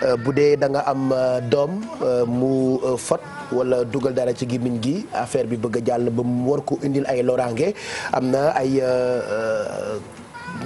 Euh, bu dee da nga am euh, doom euh, mu fot wala dugal dara ci gémmiñ gi affaire bi bëgg a jàll ba mu war ko indil ay loraange am na ay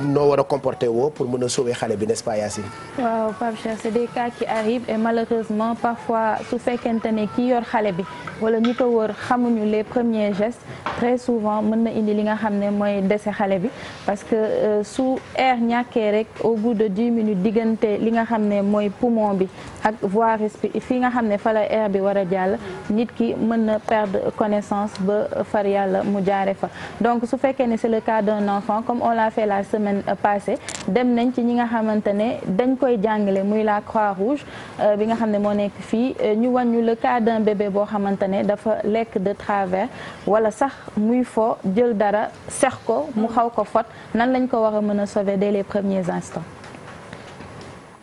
noo war a comporter woo pour mun a sauver xale bi n'est-ce pas Yacine. waaw Pape Cheikh c'est des cas qui arrivent et malheureusement parfois su fekkente ne ki yor xale bi wala ñi ko wër xamuñu les premiers gestes très souvent mën na indi li nga xam ne mooy dese xale bi parce que euh, su air ñàkkee rek au bout de dix minutes diggante li nga xam ne mooy poumon bi ak voie respirée fii nga xam ne fa la air bi war a jàll nit ki mën na perdre connaissance ba far yàlla mu jaare fa donc su fekkee ne c'est le cas d'un comme on l'a fait la semaine passée dem nañ ci ñi nga xamante ne dañ koy jàngale muy la Croix-Rouge euh, bi nga xam ne moo nekk fii euh, ñu wàññu le cas d'un boo xamante ne dafa lekk de travers wala sax muy fo jël dara sex ko mu xaw ko fot nan lañ ko war a mën a sauver dès les premiers instants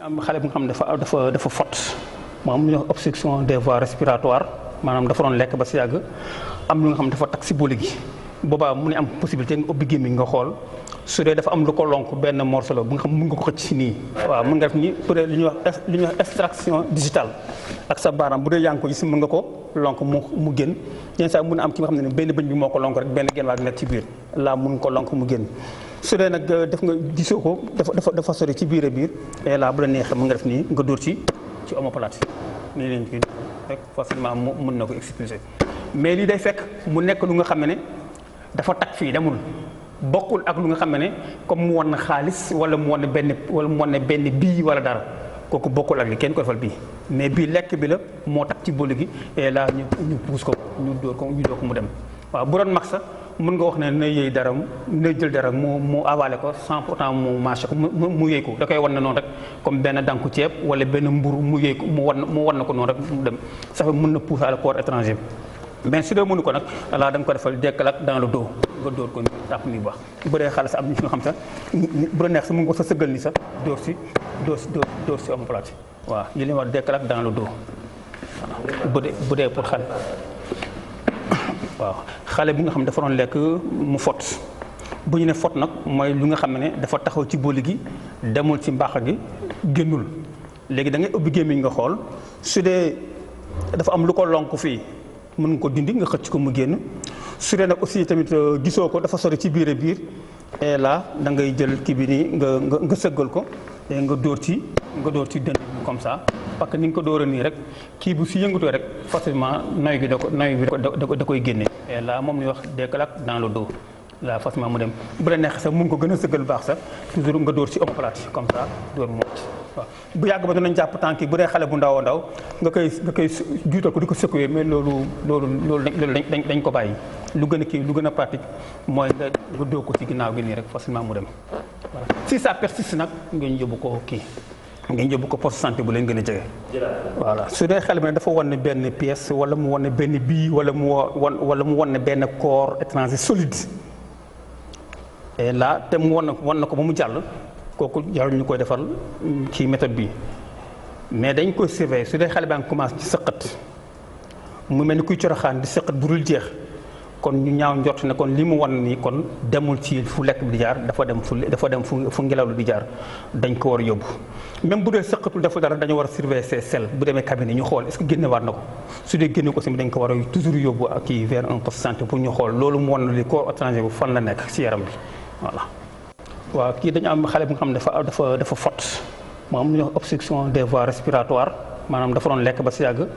am xale bu nga xam dafa dafa dafa fot mu am lu ñuy wax des voies respiratoires maanaam dafa doon lekk ba si yàgg am lu nga xam dafa takk si boole gi boobaa mu am possibilité nga ubbi nga xool su dee dafa am lu ko lonk benn morceau la bu nga xam mun nga ko xëcc si nii. waaw mun nga def nii ñuy wax li ñuy wax extraction ak sa baaraam bu dee yaa ngi ko gis nga ko lonk mu mu génn yenn sax mun a am ki nga xam ne benn bëñ bi moo ko lonk rek benn genn waa nekk ci biir laa mun ko lonk mu génn. su dee euh, def nga gisoo ko dafa dafa dafa sori ci biir a biir et là bu la neexee mën nga def nii nga dóor ci ci omoplate nii lañ koy rek facilement mu mën na ko expulser mais lii day fekk mu nekk lu nga xam ne dafa takk fii demul bokkul ak lu nga xam ne comme mu na xaalis wala mu wan benn wala mu wan benn bii wala dara kooku bokkul ak li kenn ko defal bii mais bii lekk bi la moo takk ci boolu gi et là ñu ñu puus ko ñu dóor ko ñu dóor ko mu dem waaw bu doon mag sax mën nga wax ne na yëy dara na jël dara mu mu avale ko sans pourtant mu marché ko mu mu yëy ko da koy wan na noonu rek comme benn danku ceeb wala benn mburu mu yëy ko mu wan na ko noonu rek mu dem ça fait mën na pousser à le corps étranger mais ko nag da nga ko defal dekkal ak dans le dos nga dóor ko tàpp ni baax bu xam sax bu la neex sa mën nga sa sëggal ni sax dóor si dóor si dóor si omoplate waaw yi li ñu wax dekkal ak dans le dos bu dee bu dee pour xal waaw xale bi nga xam ne dafa doon lekk mu fot bu ñu ne fot nag mooy lu nga xam ne dafa taxaw ci booli gi demul ci mbaax gi génnul léegi da ngay ubbi gémmiñ nga xool su dee dafa am lu ko lonk fii mën nga ko dindi nga xëcc ko mu génn su dee nag aussi tamit euh, gisoo ko dafa sori ci biir a biir et là da ngay jël kii bi nii nga nga nga sëggal ko nga dóor ci nga dóor ci dënn comme ça. parce que ni nga ko dóora nii rek kii bu si yëngatoo rek facilement noy bi da ko noy bi da koy génne et là moom ñuy wax des claques dans ko a sëggal baax sax toujours nga dóor si omoplate comme ça dóor mu wàcc waaw bu yàgg yi bu dee xale bu ndaw ndaw nga koy nga koy juutal ko di ko secouer mais loolu loolu loolu dañ dañ ko bàyyi lu gën a kii lu gën a pratique mooy nga nga dóor ko si ginnaaw gi nii rek facilement mu dem voilà si ça persiste nag ngeen yóbbu ko kii ngeen yóbbu ko poste santé bu leen gën a jege. voilà su dee xale bi nag dafa wane benn pièce wala mu wane benn bii wala mu wan wala mu won wane benn corps étranger solide. et te mu wan wan na ko ba mu jàll kooku jarul ñu koy defal mm, ci méthode bi mais dañ koy surveiller su dee xale baa ngi commencé ci sëqat mu mel ni kuy coroxaan di sëqat bu dul jeex. kon ñu ñaaw njort ne kon li mu wan nii kon demul ci fu lekk bi di jaar dafa dem fu dafa dem fu fu ngelaw lu di jaar dañ ko war a yóbbu même bu dee sëqatul dafa dara dañu war a surveiller ses selles bu demee cabinet ñu xool est-ce génne waat na ko su dee génne ko tamit dañ ko war a toujours yóbbu ak kii vers un poste santé pour ñu xool loolu mu wan li ko étranger bu fan la nekk ci yaram bi waaw kii dañu am xale bi nga xam ne dafa dafa dafa fot mu am lu ñuy wax des voies respiratoires maanaam dafa doon lekk ba si yàgg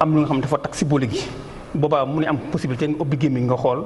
am lu nga xam dafa tax si boole gi boobaa mu ne am possibilité nga ubbi gémmiñ nga xool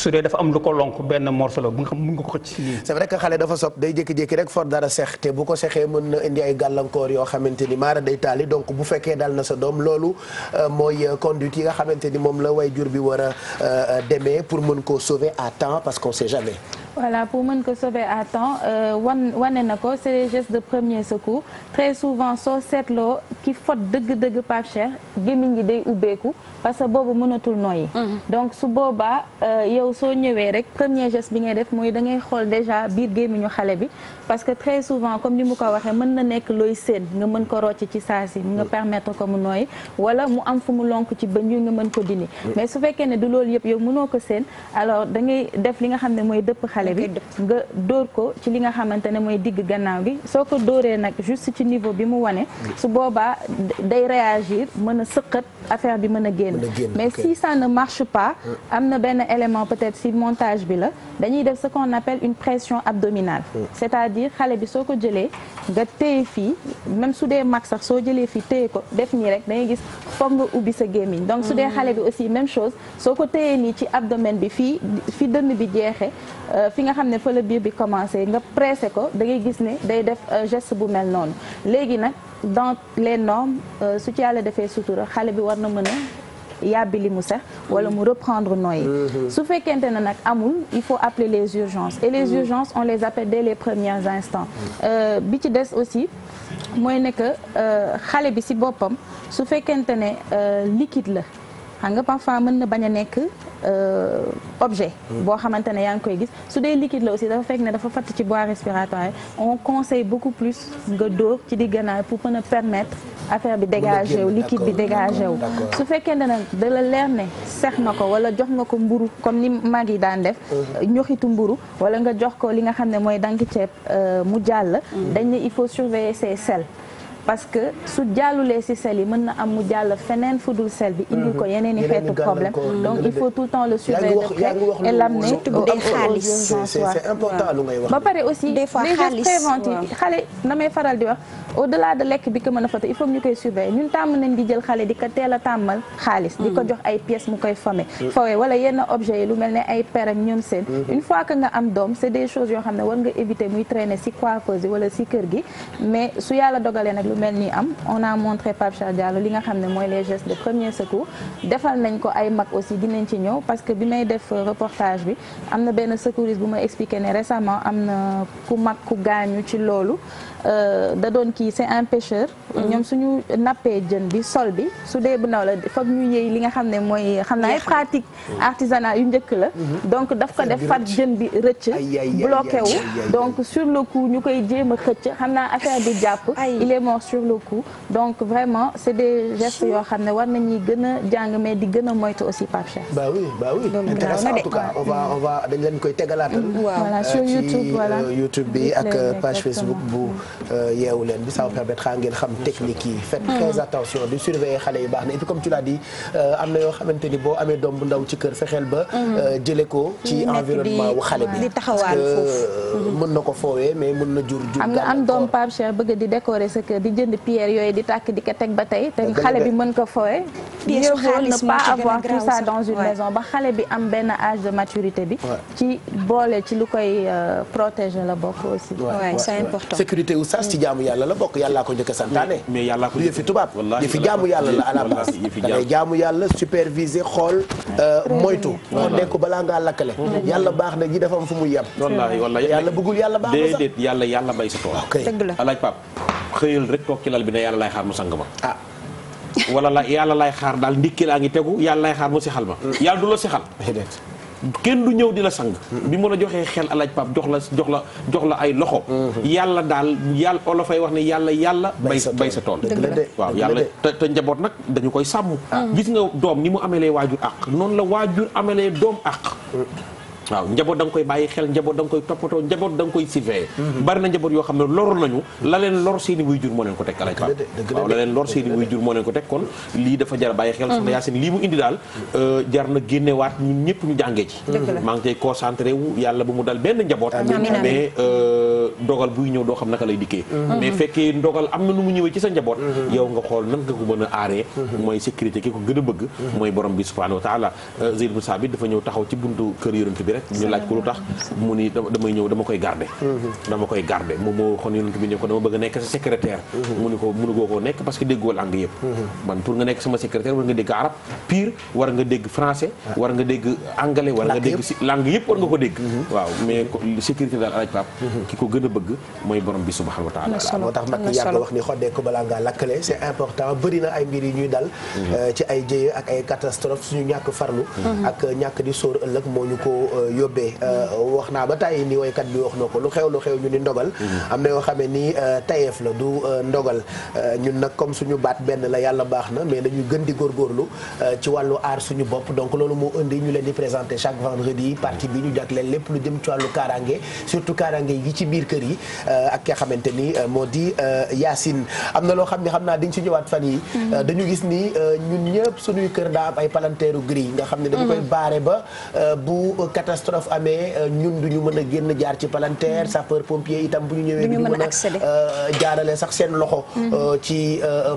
su dee dafa am lu ko lonk benn morceau la bu nga xam mun nga ko ci nii. c'est vrai que xale dafa sob day jékki-jékki rek for dara sex te bu ko sexee mën na indi ay gàllankoor yoo xamante ni maara day taali donc bu fekkee dal na sa doom loolu euh, mooy euh, conduite yi nga xamante ni moom la way jur bi war a euh, demee pour mën koo sauver à temps parce qu'on sait jamais. voilà pour mën ko sauver à temps euh, wan wane na ko c'est les gestes de premier secours très souvent soo seetloo ki fot dëgg-dëgg pas cher gémmiñ gi day ubbeeku parce que boobu mënatul noyyi. Mm-hmm. donc su boobaa euh, yow soo ñëwee rek premier geste bi ngay def mooy da ngay xool déjà biir gémmiñu xale bi parce que très souvent comme ni mu ko waxee mën na nekk looy seen nga mën ko rocc ci saa si nga permettre ko mu nooy wala mu am fu mu lonk ci bëñ yu nga mën ko dindi mais su fekkee ne du loolu yëpp yow mënoo ko seen alors da ngay xale bi nga dóor ko ci li nga xamante ne mooy digg gannaaw gi soo ko dóoree nag juste ci niveau bi mu wane su boobaa day réagir mën a sëqat affaire bi mën a génn mais si ça ne marche pas am na benn élément peut-être si montage bi la dañuy def ce qu'on appelle une pression abdominale c'est-à-dire xale bi soo ko jëlee nga téye fii même su dee mag sax soo jëlee fii téye ko def nii rek dangay gis foog nga ubbi sa gémmiñ donc su dee mm. xale bi aussi même chose soo ko téyee nii ci abdomen bi fii fi dënn bi jeexee euh, fi nga xam ne fa la biir bi commencé nga pressé ko da ngay gis ne day def euh, geste bu mel noonu léegi nag dans les normes euh, su ci yàlla defee sutura xale bi war na mën a yàbbi li mu sax wala mu reprendre nooyi mm-hmm. su fekkente ne nag amul il faut appeler les urgences et les mm-hmm. urgences on les appelle des les premiers instants mm-hmm. euh, bi ci des aussi mooy ne que xale bi si boppam su fekkente ne liquide la xam nga parfois mën na bañ a nekk euh, objet boo xamante ne yaa ngi koy gis su dee liquide la aussi dafa fekk ne dafa fatt ci voie respiratoire on conseille beaucoup plus nga dóor ci di diggannaay pour mën a permettre affaire bi dégagé wu liquide bi dégagé wu su fekkee ne nag da leer ne sex na ko wala jox nga ko mburu comme ni mag yi daan def mhm. ñoxitu mburu wala nga jox ko li nga xam ne mooy dank ceeb euh, mu jàll mhm. dañ ne il faut surveiller ses selles parce que su jàllulee ci sel yi mën na am mu jàll feneen fu dul sel bi indil ko mhm. yeneen i xeetu problème donc il faut tout le temps le suivre de près lu ngay wax lekk bi ko a fata il faut ñu koy surveiller ñun tàmm nañ di jël xale di ko teel a tàmmal xaalis di ko mm. jox ay pièces mu koy fame mm. fawee wala yenn objets yi lu mel ne ay per ak ñoom seen mm-hmm. une fois que nga am doom c'est des choses yoo xam ne war nga éviter muy traîner ci coiffeuse yi wala ci kër gi mais su yàlla dogalee nag lu mel ni am on a montré Pape Cheikh Diallo li nga xam ne mooy les gestes de premier secours defal nañ ko ay mag aussi dinañ ci ñëw parce que bi may def euh, reportage bi am na benn secouriste bu ma expliqué ne récemment am na ku mag ku gaañu ci loolu Euh, da doon kii c'est un pêcheur. Mm-hmm. ñoom suñu nappee jën bi sol bi su dee bu ndaw la foog ñu yëy li nga xam ne mooy xam naa ay pratique mm-hmm. artisanale yu njëkk la. Mm-hmm. donc daf ko def fat jën bi rëcc. bloqué wu donc sur le coup ñu koy jéem a xëcc xam naa affaire bi jàpp. il est mort sur le coup donc vraiment c'est des gestes yoo xam ne war nañuy gën a jàng mais di gën a moytu aussi Pape Cheikh. bah oui bah oui intéressant en tout cas koy tegalaatal. Euh, sur euh, YouTube bi ak page Facebook bu. Euh, yeewu leen bi ça va permettre xaa ngeen xam technique yi faites mhm. très attention di surveiller xale yu baax na et comme tu l'as dit euh, am na yoo xamante ni boo amee doom bu ndaw ci kër fexeel ba mhm. euh, jële ko ci environnement wu xale bi parce que mhm. mën na ko foowee mais mun na jur jur am nga am doom Pape bëgg di décorer sa di jënd pierre yooyu di tàkk di ko teg ba tey te xale bi mën ko foowee mieux vaut ne pas avoir tout ça dans une maison ba xale bi am benn âge de maturité bi ci boole ci lu koy protéger la bokk aussi c'est important oustaz ci jaamu yàlla la bokk yàllaa ko njëkk a santaane mais yàllaa ko yëfi tubaab yëfi jaamu yàlla la à la base xool euh, moytu moo nekk balaa ngaa lakkale yàlla baax na ji dafa am fu muy yem wallaahi wallaahi yàlla bëggul yàlla baax na sax déedéet yàlla yàlla bay sa tool alaaj pap xëyal rek toog ci lal bi ne yàlla lay xaar mu sang ma ah wala la yàlla lay xaar daal ndikki laa ngi tegu yàlla lay xaar mu sixal ma mm. yàlla du la sixal kenn du ñëw di la sang bi mu la joxee xel alaaj pap jox la jox la jox la ay loxo mm-hmm. yàlla daal yàlla olofay wax ne yàlla yàlla bay sa bay sa tool waaw yàlla te te njaboot nag dañu koy sàmm ah. gis nga doom ni mu amee amelee waajur àq noonu la waajur amelee doom àq waaw njaboot da koy bàyyi xel njaboot da nga koy toppatoo njaboot da nga koy surveiller mhm. bari na njaboot yoo xam ne loru nañu la leen lor seeni wuy jur moo leen ko teg alaj waaw la leen lor seeni wuy jur kon lii dafa jar bàyyi xel soxna mhm. Yacine lii mu indi daal euh, jar na génnewaat ñun ñëpp ñu jàngee ci maa ngi tey concentré wu yàlla bu mu dal benn njaboot mais euh, dogal buy ñëw doo xam naka lay dikkee mhm. mais fekkee ndogal am na nu mu ñëwee ci sa njaboot yow nga xool nan nga ko mën a aaree mooy sécurité ki ko gën a bëgg mooy borom bi subhanahu wa taala euh, bi dafa ñëw taxaw ci buntu kër yonent bi rek ñu laaj ko lu tax mu ni damay ñëw dama koy garder mm-hmm. dama koy garder moom moo waxoon yonent bi ne ko dama bëgg a nekk sa secrétaire mm-hmm. mu ni ko mënu koo nekk parce que déggoo langue yëpp mm-hmm. man pour nga nekk sama secrétaire war nga dégg arab pire war nga dégg français ah. war nga dégg anglais war nga dégg si langue war nga ko dégg waaw mais sécurité daal alaaj pap ki ko gën a bëgg mooy borom bi subhanahu wa taala moo tax mag ñi yàgg wax ni xoddee euh, ko balaa euh, yóbbee euh, wax naa ba tàyyi ni bi wax na ko lu xew lu xew ñu ni ndogal mm-hmm. am na yoo xamee ni euh, tayeef la du euh, ndogal ñun nag comme suñu baat benn la yàlla baax na mais dañuy gën di góorgóorlu ci wàllu aar suñu bopp donc loolu moo indi ñu leen di présenté chaque vendredi partie bi ñu jagleel lépp lu jëm ci wàllu kaaraange surtout kaaraange yi ci biir kër yi ak nga xamante ni moo di Yacine am na loo xam ne xam naa dañ si ñëwaat fan yi mm-hmm. dañu gis ni ñun ñëpp suñuy kër daa am ay palanteeru gris nga xam ne dañu mm-hmm. koy baare ba bu catastrophe amee euh, ñun du ñu mën a génn jaar ci palanteer mm. sapeur pompier itam bu ñu ñëwee du ñu mën a euh, jaarale sax seen loxo mm-hmm. euh, ci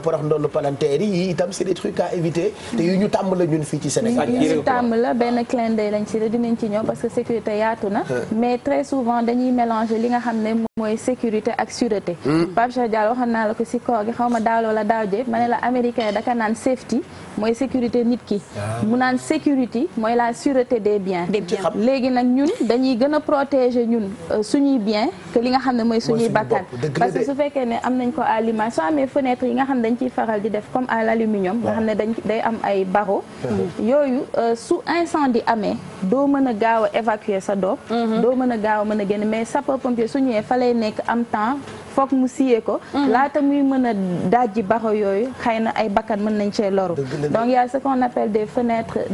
porox ndollu palanteer yi itam c'est des trucs à éviter te yu ñu tàmm la ñun fii ci Sénégal yu tàmm la benn clin d'œil dinañ ci ñëw parce que sécurité yaatu na mais très souvent dañuy mélanger li nga xam ne mooy sécurité ak sûreté hmm. Pape Cheikh Diallo waxoon naa la ko si koor gi xaw ma daaloo la daaw je ma la américain daka naan safety mooy sécurité nit ki ah. mu naan sécurité mooy la sûreté des biens léegi nag ñun dañuy gën a protéger ñun euh, suñuy bien que li nga xam ne mooy suñuy bakkan parce que su fekkee ne am nañ ko à l'image soo amee fenêtre yi nga xam ne dañ ciy faral di def comme à l'aluminium nga xam ne dañ day am ay barreaux yooyu euh, su incendie amee doo mën a gaaw a évacuer lay nekk am temps foog mu siyee ko mhm. laata muy mën a dajji baro yooyu xay na ay bakkan mën nañ cee loru donc y a ce qu'on appelle des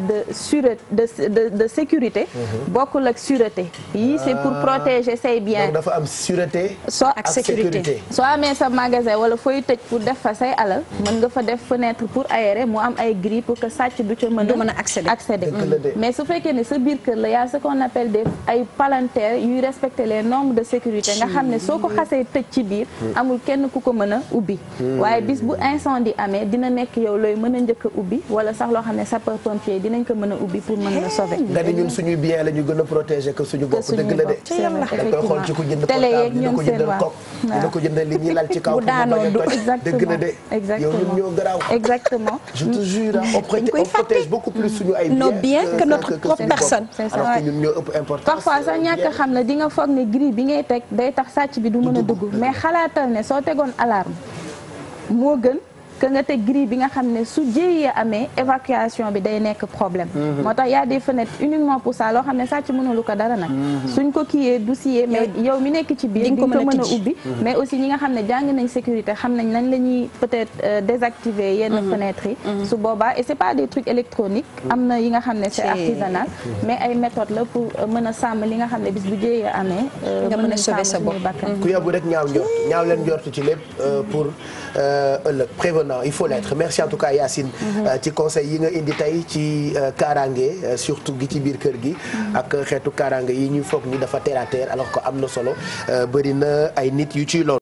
de sûreté de de de sécurité mhm. bokkul ak sûreté yii ah. c'est pour protéger say bien donc dafa am sûreté soo ak sécurité soo amee sa magasin wala fooy tëj pour def fa say alal mën nga fa def fenêtre pour aérer mu am ay grilles pour que sàcc du ca mën a mën a accéder mm. mais su fekkee ne sa biir kër la y a ce qu'on appelle des ay palanteer yuy respecter les normes de sécurité nga xam ne soo ko xasee tëj biir amul kenn ku ko mën a ubbi waaye bis bu incendie amee dina nekk yow looy mën a njëkk a ubbi wala sax loo xam ne sapeur pompier dinañ ko mën a ubbi pour mën la nga ni ñun suñuy bien la ñu a protéger que suñu bopp dëgg la de da koy ñun ñoo garaaw exactement je te jure mm. on beaucoup plus suñu ay mm. nos que notre propre personne alors que ñun ñoo parfois sax ñàkk xam la di foog ne gris bi ngay teg day tax sàcc bi du mën a dugg mais xalaatal ne soo tegoon alarme moo gën que nga teg grille bi nga xam ne su jéyee amee évacuation bi day nekk problème mhm. moo tax y a des fenêtres uniquement pour ça loo xam ne sàcc mënulu ko dara nag mhm. suñ ko kiyee du siyee mais yow mi nekk ci biir di ko mën a ubbi mhm. mais aussi ñi nga xam ne jàng nañ sécurité xam nañ nañ la ñuy peut-être euh, désactiver yenn fenêtres yi su boobaa et c'est pas des trucs électroniques am na yi nga xam ne c'est artisanal mais ay méthode la pour euh, mën a sàmm li nga xam ne bis bu jéyee amee euh, nga mën a sauver sa bopp ku yóbbu rek ñaaw njort ñaaw leen njort ci lépp pour ëllëg prévenir non il faut l'être merci en tout mhm. euh, ci conseil yi nga indi tey ci euh, kaaraange euh, surtout gi ci biir kër gi mhm. ak xeetu kaaraange yi ñuy foog ni dafa terre à terre alors am na solo bëri na ay nit yu ciy lool